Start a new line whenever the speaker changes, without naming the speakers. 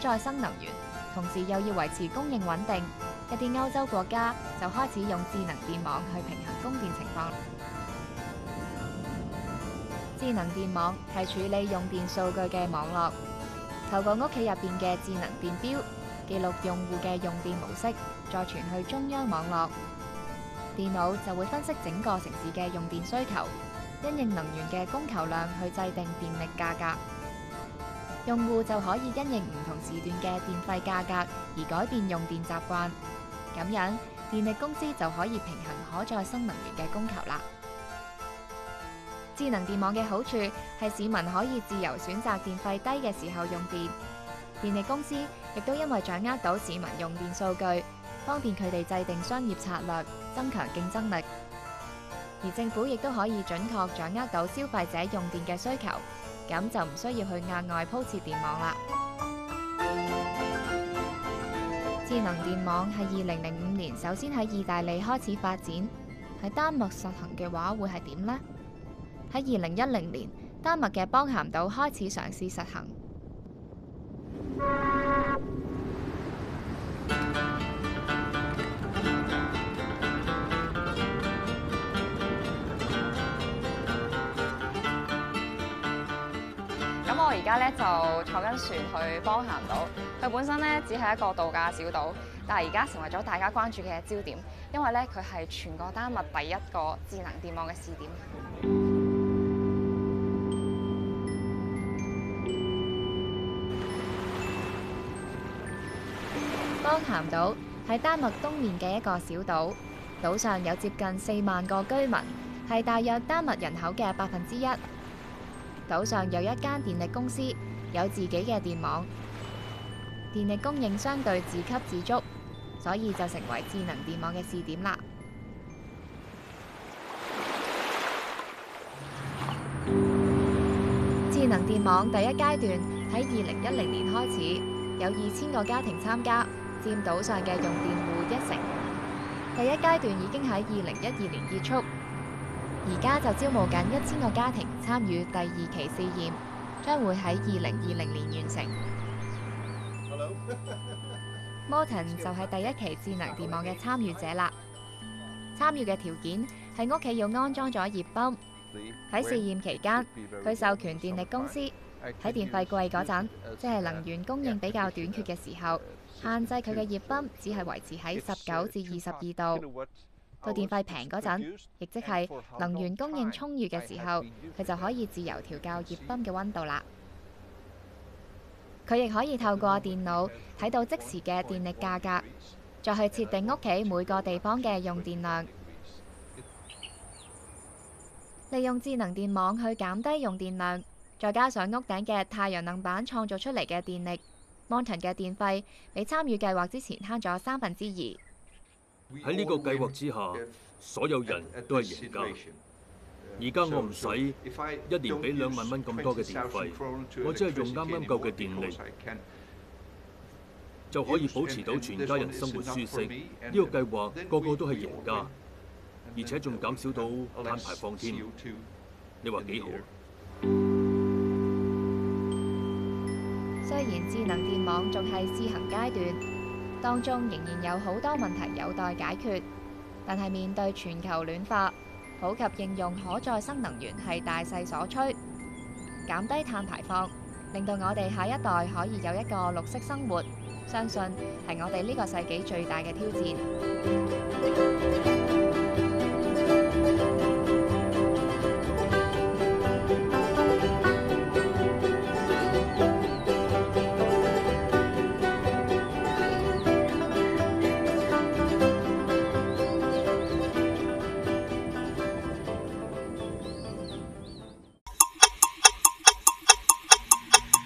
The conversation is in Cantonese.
再生能源，同時又要維持供應穩定，一啲歐洲國家就開始用智能電網去平衡供電情況。智能電網係處理用電數據的網絡，透過屋企入面的智能電錶，記錄用戶的用電模式，再傳去中央網絡。電腦就會分析整個城市的用電需求，因應能源的供求量去制定電力價格。用戶就可以因應唔同時段嘅電費價格而改變用電習慣，咁樣電力公司就可以平衡可再生能源嘅供求啦。智能電網嘅好處係市民可以自由選擇電費低嘅時候用電，電力公司亦都因為掌握到市民用電數據，方便佢哋制定商業策略，增強競爭力。而政府亦都可以準確掌握到消費者用電嘅需求。咁就唔需要去額外鋪設電網啦。智能電網係二零零五年首先喺意大利開始發展，喺丹麥實行嘅話會係點呢？喺二零一零年，丹麥嘅邦鹹島開始嘗試實行。咁我而家咧就坐緊船去邦咸島。佢本身咧只係一個度假小島，但係而家成為咗大家關注嘅焦點，因為咧佢係全個丹麥第一個智能電網嘅試點。邦咸島係丹麥東面嘅一個小島，島上有接近四萬個居民，係大約丹麥人口嘅百分之一。島上有一間電力公司，有自己嘅電網，電力供應相對自給自足，所以就成為智能電網嘅試點啦。智能電網第一階段喺二零一零年開始，有二千個家庭參加，佔島上嘅用電戶一成。第一階段已經喺二零一二年結束。而家就招募緊一千個家庭參與第二期試驗，將會喺二零二零年完成。Morten 就係第一期智能電網嘅參與者啦。參與嘅條件係屋企要安裝咗熱泵。喺試驗期間，佢授權電力公司喺電費貴嗰陣，即係能源供應比較短缺嘅時候，限制佢嘅熱泵只係維持喺十九至二十二度。到電費平嗰陣，亦即係能源供應充裕嘅時候，佢就可以自由調校熱泵嘅溫度啦。佢亦可以透過電腦睇到即時嘅電力價格，再去設定屋企每個地方嘅用電量。利用智能電網去減低用電量，再加上屋頂嘅太陽能板創造出嚟嘅電力，Mountain 嘅電費比參與計劃之前慳咗三分之二。喺呢個計劃之下，所有人都係贏家。而家我唔使一年俾兩萬蚊咁多嘅電費，我只係用啱啱夠嘅電力就可以保持到全家人生活舒適。呢個計劃個個都係贏家，而且仲減少到碳排放添。你話幾好？雖然智能電網仲係試行階段。當中仍然有好多問題有待解決，但係面對全球暖化，普及應用可再生能源係大勢所趨，減低碳排放，令到我哋下一代可以有一個綠色生活，相信係我哋呢個世紀最大嘅挑戰。